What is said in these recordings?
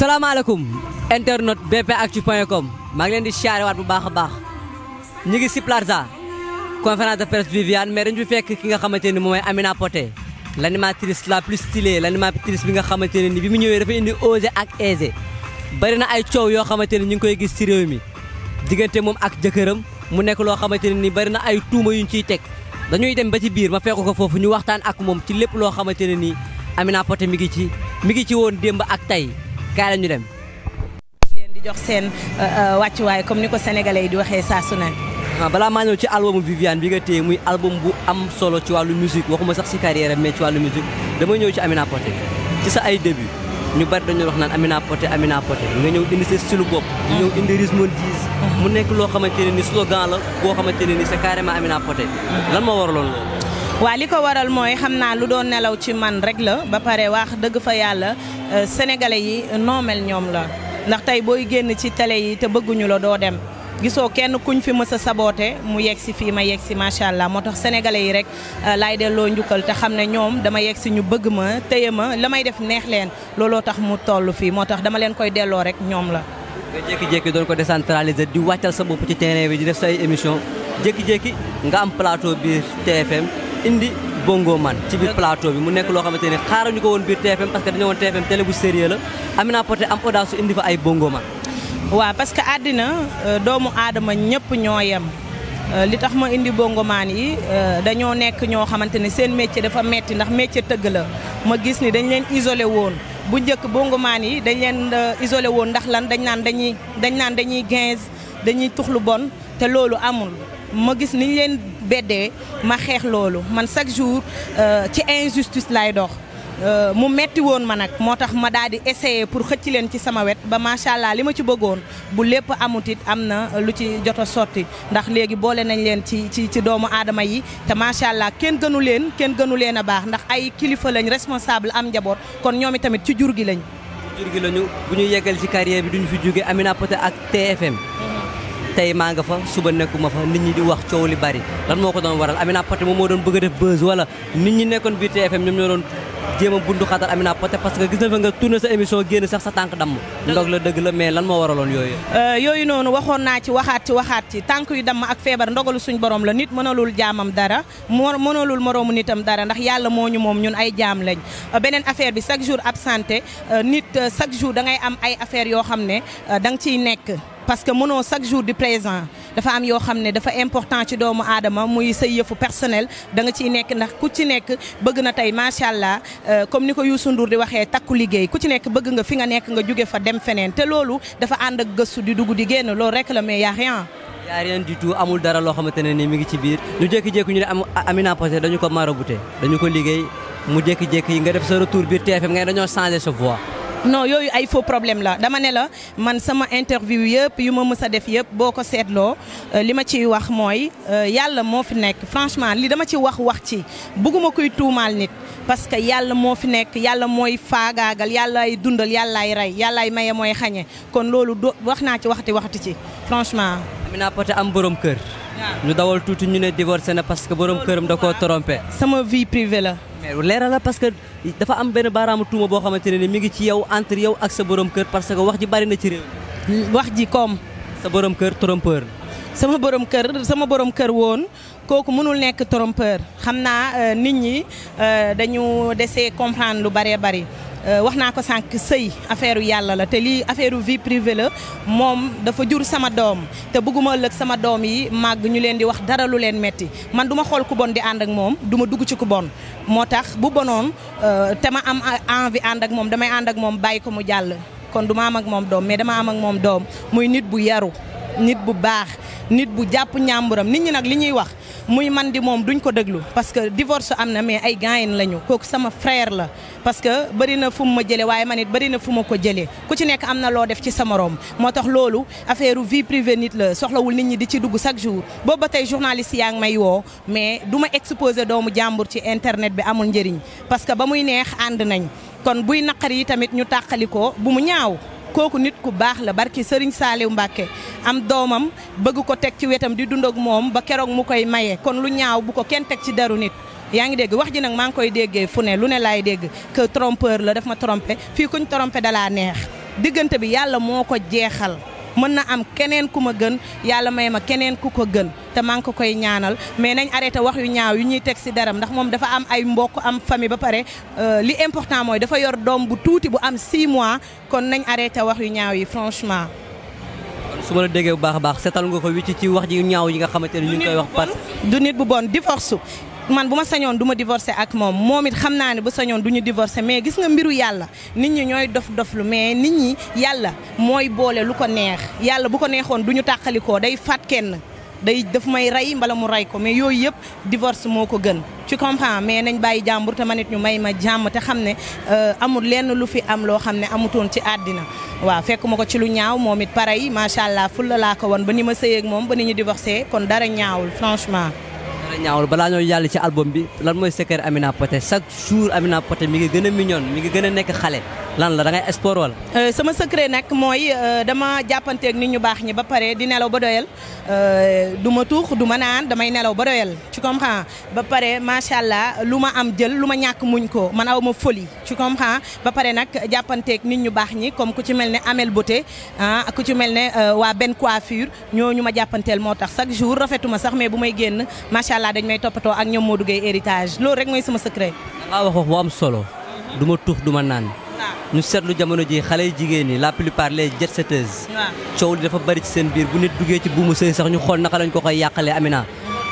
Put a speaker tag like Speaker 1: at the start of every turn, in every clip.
Speaker 1: salaamaaleykum internet bpactu point com maa ngi leen di siyaare waat bu baax a baax ñu ngi si Plaza conférence de presse Viviane mais dañu fekk ki nga xamante ni mooy Amina Poté l'animatrice la plus stylée l'animatrice bi nga xamante ne ni bi mu ñëwee dafa indi osé ak aisé bari na ay coow yoo xamante ne ñu ngi koy gis ci réew mi diggante moom ak jëkkëram mu nekk loo xamante ne ni bari na ay tuuma ñu ciy teg dañuy dem ba ci biir ma fekk ko foofu ñu waxtaan ak moom ci lépp loo xamante ne ni Amina Poté mi ngi ci mi ngi ci woon démb ak kaay la ñu dem.
Speaker 2: leen di jox seen euh, euh, wàccuwaay comme ni ko sénégalais yi di waxee saa su ne.
Speaker 1: Ah, balaa maa ñëw ci album Viviane bi nga téye muy album bu am solo ci wàllu musique waxuma sax si carrière mais ci wàllu musique dama ñëw ci Amina Poté ci sa ay début ñu bari dañu wax naan Amina Poté Amina Poté nga ñëw indi sa style bopp. ñëw mm-hmm. indi rythme diis. Mm-hmm. mu nekk loo xamante ne ni slogan la boo xamante ne ni c'est carrément Amina Poté. Mm-hmm. lan moo waraloon loolu.
Speaker 2: waa li ko waral mooy xam naa lu doon nelaw ci man rek la ba pare wax dëgg fa yàlla euh, sénégalais yi noomel ñoom la ndax tey booy génn ci télé yi te bëgguñu la doo dem gisoo kenn kuñ fi mës a saboote mu yegg si fii ma yegg si macha allah moo tax sénégalais yi rek euh, laay delloo njukkal te xam ne ñoom dama yegg si ñu bëgg ma téye ma la may def neex leen looloo tax mu toll fii moo tax dama leen koy delloo rek ñoom la.
Speaker 1: nga jékki-jékki doon ko décentraliser di wàccal sa bopp ci terrain bi di def say émission jékki nga am plateau biir TFM. indi bongo man ci biir plateau bi mu nekk loo xamante ne xaaruñu ko woon biir TFM
Speaker 2: parce que dañoo woon TFM télé bu sérieux la Amina Poté am audace indi fa ay bongo man parce que àddina euh, doomu aadama ñëpp ñoo yem euh, li tax ma indi bongomaan yi euh, dañoo nekk ñoo xamante ni seen métier dafa metti ndax métier tëgg la ma gis ni dañ leen isolé woon bu njëkk bongomaan yi dañ leen isolé woon ndax lan dañ naan dañuy dañ naan dañuy 15 dañuy tux lu bon te loolu amul beddee ma xeex loolu man chaque jour euh, ci injustice lay dox euh, mu metti woon ma nag moo tax ma daal di essayer pour xëcc leen ci sama wet ba macha li ma ci bëggoon bu lépp amut it am na lu ci joto a sotti ndax léegi boole nañ leen ci ci ci doomu aadama yi te macha kenn gënu leen kenn gënu leen a baax ndax ay kilifa lañ responsable am njaboot kon ñoom tamit ci jur gi lañ.
Speaker 1: jur gi lañu bu ñu yeggal ci carrière bi duñu fi jóge Amina Poté ak TFM. tey maa nga fa suba nekkuma fa nit ñi di wax coow li bari lan moo ko doon waral Amina Poté moom moo doon bëgg a def buzz wala nit ñi nekkoon biir TFM ñoom ñoo doon jéem a bundu xatal Amina Poté parce que gis na fa nga tourné sa émission génn sax sa tànk damm ndog la dëgg la mais lan moo waraloon yooyu
Speaker 2: euh, yooyu noonu waxoon naa ci waxaat ci waxaat ci tànk yu damm ak feebar ndogalu suñ borom la nit mënalul jaamam dara mënalul moroomu nitam dara ndax yàlla moo ñu moom ñun ay jaam lañ euh, beneen affaire bi chaque jour absenté euh, nit chaque jour da ngay am ay affaire yoo xam ne da nga ciy nekk parce que mënoo chaque jour di présent dafa am yoo xam ne dafa important ci doomu aadama muy sa yëfu personnel danga nga ciy nekk ndax ku ci nekk bëgg na tey macha allah euh, comme ni ko Youssou Ndour di waxee takku liggéey ku ci nekk bëgg nga fi nga nekk nga jóge fa dem feneen te loolu dafa ànd ak gëstu di dugg di génn loolu rek la mais y a rien.
Speaker 1: y a tout amul dara loo xamante ne nii mi ngi ci biir ñu jékki-jékki ñu ne am Amina Poté dañu ko marabouté dañu ko liggéey mu jékki-jékki nga def sa retour biir TFM nga dañoo changé sa voix.
Speaker 2: non yooyu ay faux problème la dama ne la man sama interview yëpp yu ma mës a def yëpp boo ko seetloo euh, li ma ciy wax mooy euh, yàlla moo fi nekk franchement li dama ci wax wax ci bugguma kuy tuumaal nit parce que yàlla moo fi nekk yàlla mooy faagaagal yàllaay dundal yàllaay rey yàllaay maye mooy xañe kon loolu do wax naa ci waxati waxati ci franchement. Amina Poté
Speaker 1: am borom kër. ñu dawal tuuti ñu ne divorcé na parce que borom këram da koo trompé. sama vie privée la. mais leeral parce que dafa am benn baaraamu tuuma boo xamante ne ni mi ngi ci yow entre yow ak sa borom kër parce que wax ji bari na ci réew wax ji koom sa borom kër trompeur.
Speaker 2: sama borom kër sama borom kër woon kooku mënul nekk trompeur xam naa euh, nit ñi euh, dañu desee comprendre lu baree bari. Euh, wax naa ko sànq sëy affaire yàlla la te lii affaire vie privée la moom dafa jur sama doom te bëgguma ëllëg sama doom yi màgg ñu leen di wax dara lu leen metti man duma xool ku bon di ànd ak moom du ma dugg ci ku bon moo tax bu bonoon euh, te ma am envie ànd ak moom damay ànd ak moom bàyyi ko mu jàll kon du ma am ak moom doom mais dama am ak moom doom muy nit bu yaru nit bu baax nit bu jàpp ñàmburam nit ñi nag li ñuy wax muy man di moom duñ ko déglu parce que divorce am na mais ay gaayen lañu kooku sama frère la parce que bëri na fu mu ma jëlee waaye man it bëri na fu ma ko jëlee ku ci nekk am na loo def ci sa morom moo tax loolu affaire vie privée nit la soxlawul nit ñi di ci dugg chaque jour boobu ba tey journaliste yaa ngi may woo mais du ma exposé doomu jàmbur ci internet bi amul njëriñ parce que ba muy neex ànd nañ kon buy naqar yi tamit ñu tàqali ko bu mu ñaaw kooku nit ku baax la barki Serigne Saliou Mbacke am doomam bëgg ko teg ci wetam di dund ak moom ba keroog mu koy maye kon lu ñaaw bu ko kenn teg ci daru nit yaa ngi dégg wax ji nag maa ngi koy déggee fu ne lu ne laay dégg que trompeur la daf ma trompé fii kuñ trompé dalaa neex diggante bi yàlla moo ko jeexal mën na am keneen ku ma gën yàlla may ma keneen ku ko gën te maa ngi ko koy ñaanal mais nañ arrêté wax yu ñaaw yu ñuy teg si daram ndax moom dafa am ay mbokk am famille ba pare euh, li important mooy dafa yor doom bu tuuti bu am 6 mois kon nañ arrêté wax yu ñaaw yi franchement. su ma la déggee bu baax a baax seetal nga ko wicc ci wax ji ñaaw yi nga xamante ne ñu ngi koy wax. man bu ma sañoon du ma divorcé ak moom moom it xam naa ne bu sañoon du ñu divorcé mais gis nga mbiru yàlla nit ñi ñooy dof doflu mais nit ñi yàlla mooy boole lu ko neex yàlla bu ko neexoon du ñu tàqalikoo day faat kenn day daf may rey mbala mu rey ko mais yooyu yëpp divorce moo ko gën ci comprends mais nañ bàyyi jàmbur te manit ñu may ma jàmm te xam ne euh, amul lenn lu fi am loo xam ne amutoon ci àddina waaw fekk ma ko ci lu ñaaw moom it pareil macha allah fulla laa ko woon ba ni ma sëyeeg moom ba ni ñu divorcé kon dara ñaawul franchement
Speaker 1: a ñaawlu balaa ñoo jàll ci album bi lan mooy secret Amina Poté chaque jour Amina Poté mi ngi gën a mignon mi ngi gën a nekk xale lan la da ngay sport
Speaker 2: euh, sama secret nag mooy euh, dama jàppanteeg nit ñu baax ñi ba pare di nelaw ba doyal euh, du ma tuux du ma naan damay nelaw ba doyal tu comprends ba pare macha allah lu ma am jël lu ma ñàkk muñ ko man aw ma folie tu comprends ba pare nag jàppanteeg nit ñu baax ñi comme ku ci mel ni ameel Beauté ah ku ci mel ne waa benn ñoo ñu ma jàppanteel moo tax chaque jour rafetuma sax mais bu may génn macha allah dañ may toppatoo ak ñoom moo duggee héritage loolu rek mooy sama secret.
Speaker 1: waaw solo du ma tuux ñu seetlu jamono ji xale yu jigéen ñi la plupart les jet setteuses coow li dafa bari ci seen biir bu nit duggee ci buumu sëy sax ñu xool naka lañ ko koy yàqalee Amina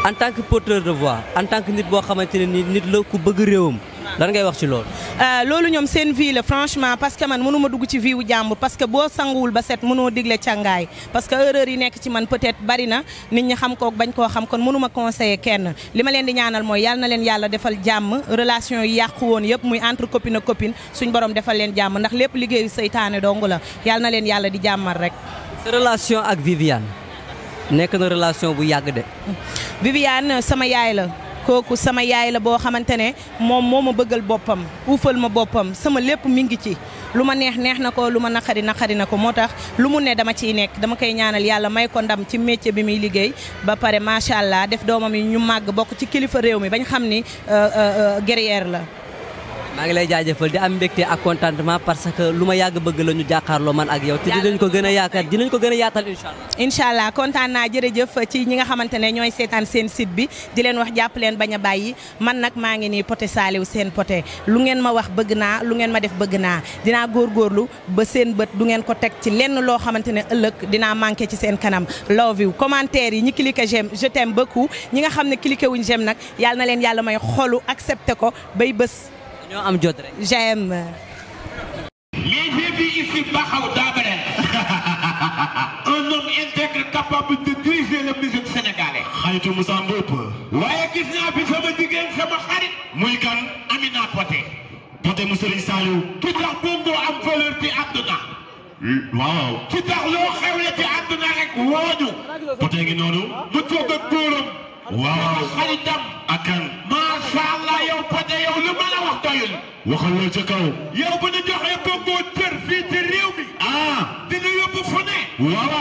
Speaker 1: en tant que porteur de voix en tant que nit boo xamante ne ni nit la ku bëgg réewam lan ngay wax ci loolu.
Speaker 2: Euh, loolu ñoom seen vie la franchement parce que man mënu ma dugg ci vie wu jàmbur parce que boo sanguwul ba set mënoo digle càngaay parce que erreur yi nekk ci man peut-être bari na nit ñi xam kook bañ koo xam kon mënu ma conseiller kenn li ma leen di ñaanal mooy yal na leen yàlla defal jàmm relation yi yàqu woon yëpp muy entre copine ak suñ borom defal leen jàmm ndax lépp liggéeyu seytaane dong la yàlla na leen yàlla di jàmmal rek. sa relation ak Viviane
Speaker 1: nekk na relation bu yàgg de.
Speaker 2: kooku sama yaay la boo xamante ne moom moo ma bëggal boppam uufal ma boppam sama lépp mi ngi ci lu ma neex neex na ko lu ma naqari naqari na ko moo tax lu mu ne dama ciy nekk dama koy ñaanal yàlla may ko ndam ci métier bi muy liggéey ba pare macha allah def doomam yi ñu màgg bokk ci kilifa réew mi bañ xam ni euh, euh, euh, guerrière la
Speaker 1: maa ngi lay jaajëfal di am mbégte ak contentement parce que lu ma yàgg bëgg la ñu jàkkaarloo man ak yow te dinañ ko gën a dinañ ko gën a yaatal incha
Speaker 2: allah incha allah naa jërëjëf ci ñi nga xamante ne ñooy seetaan seen sit bi di leen wax jàpp leen bañ a bàyyi man nag maa ngi nii poté saaliw seen poté lu ngeen ma wax bëgg naa lu ngeen ma def bëgg naa dinaa góorlu ba seen bët du ngeen ko teg ci lenn loo xamante ne ëllëg dinaa manqué ci seen kanam love you commentaire yi ñi cliqué j'aime je t'aime beaucoup ñi nga xam ne cliqué wuñ j'aime nag yàlla leen yàlla may xolu accepté ko bay bës ñoo am jot rek. j'aime. mais j'ai vu ici Bakhaw Dabere un homme
Speaker 1: intègre capable de diriger le musique sénégalais. waaye gis naa fi sama jigéen sama xarit. muy kan Amina Poté. Poté mu Serigne Saliou. ki tax bongo am valeur ci àdduna. waaw. ki tax loo xewle ci àdduna rek wooñu. Poté ngi noonu. mu toog ak waa xaritam akan macha allah yow Poté lu mën a wax doyul waxal la ca kaw yow bu ñu joxee Bongo cër fii ci mi ah dina yóbbu fu ne waaw